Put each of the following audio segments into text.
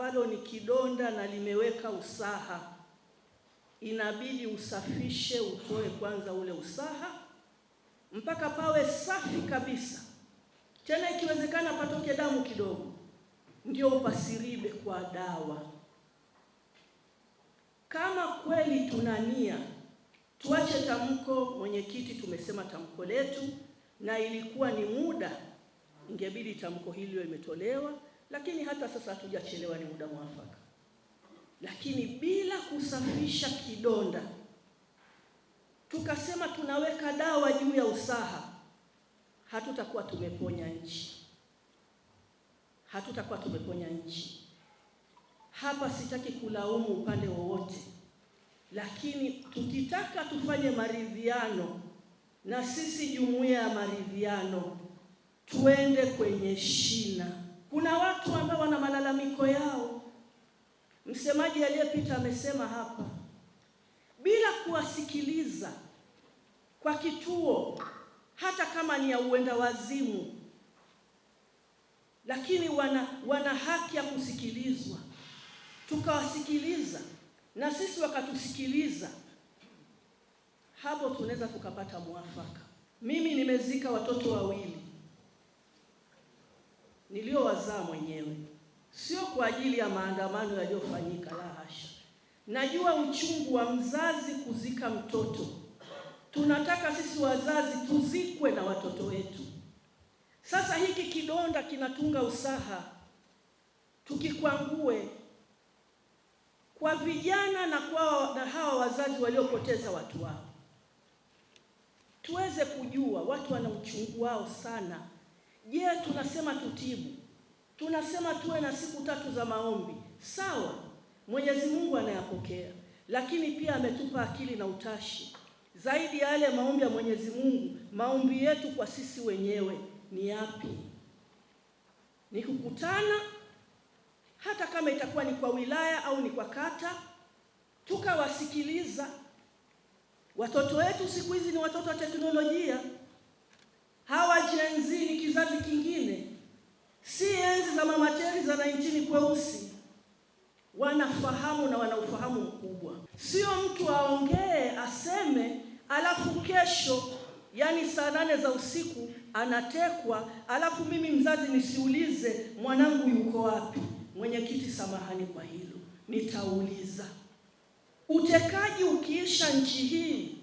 ambalo ni kidonda na limeweka usaha, inabidi usafishe, utoe kwanza ule usaha mpaka pawe safi kabisa, tena ikiwezekana patoke damu kidogo, ndio upasiribe kwa dawa. Kama kweli tuna nia, tuache tamko. Mwenyekiti, tumesema tamko letu na ilikuwa ni muda, ingebidi tamko hilo limetolewa lakini hata sasa hatujachelewa, ni muda mwafaka. Lakini bila kusafisha kidonda, tukasema tunaweka dawa juu ya usaha, hatutakuwa tumeponya nchi, hatutakuwa tumeponya nchi. Hapa sitaki kulaumu upande wowote, lakini tukitaka tufanye maridhiano, na sisi jumuiya ya maridhiano, tuende kwenye shina. Kuna watu Msemaji aliyepita amesema hapa, bila kuwasikiliza kwa kituo, hata kama ni ya uenda wazimu, lakini wana, wana haki ya kusikilizwa. Tukawasikiliza na sisi wakatusikiliza, hapo tunaweza tukapata mwafaka. Mimi nimezika watoto wawili niliowazaa mwenyewe sio kwa ajili ya maandamano yaliyofanyika, la hasha. Najua uchungu wa mzazi kuzika mtoto. Tunataka sisi wazazi tuzikwe na watoto wetu. Sasa hiki kidonda kinatunga usaha, tukikwangue kwa vijana na kwa na hawa wazazi waliopoteza watu wao, tuweze kujua watu wana uchungu wao sana. Je, tunasema tutibu Tunasema tuwe na siku tatu za maombi, sawa, Mwenyezi Mungu anayapokea, lakini pia ametupa akili na utashi. Zaidi ya yale maombi ya Mwenyezi Mungu, maombi yetu kwa sisi wenyewe ni yapi? Ni kukutana, hata kama itakuwa ni kwa wilaya au ni kwa kata, tukawasikiliza watoto wetu. Siku hizi ni watoto wa teknolojia, hawa Gen Z ni kizazi ufahamu na wana ufahamu mkubwa. Sio mtu aongee aseme, alafu kesho, yani saa nane za usiku anatekwa, alafu mimi mzazi nisiulize mwanangu yuko wapi. Mwenyekiti, samahani kwa hilo, nitauliza. Utekaji ukiisha nchi hii,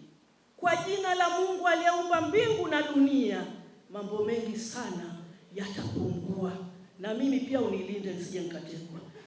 kwa jina la Mungu aliyeumba mbingu na dunia, mambo mengi sana yatapungua. Na mimi pia unilinde nisije nikatekwa.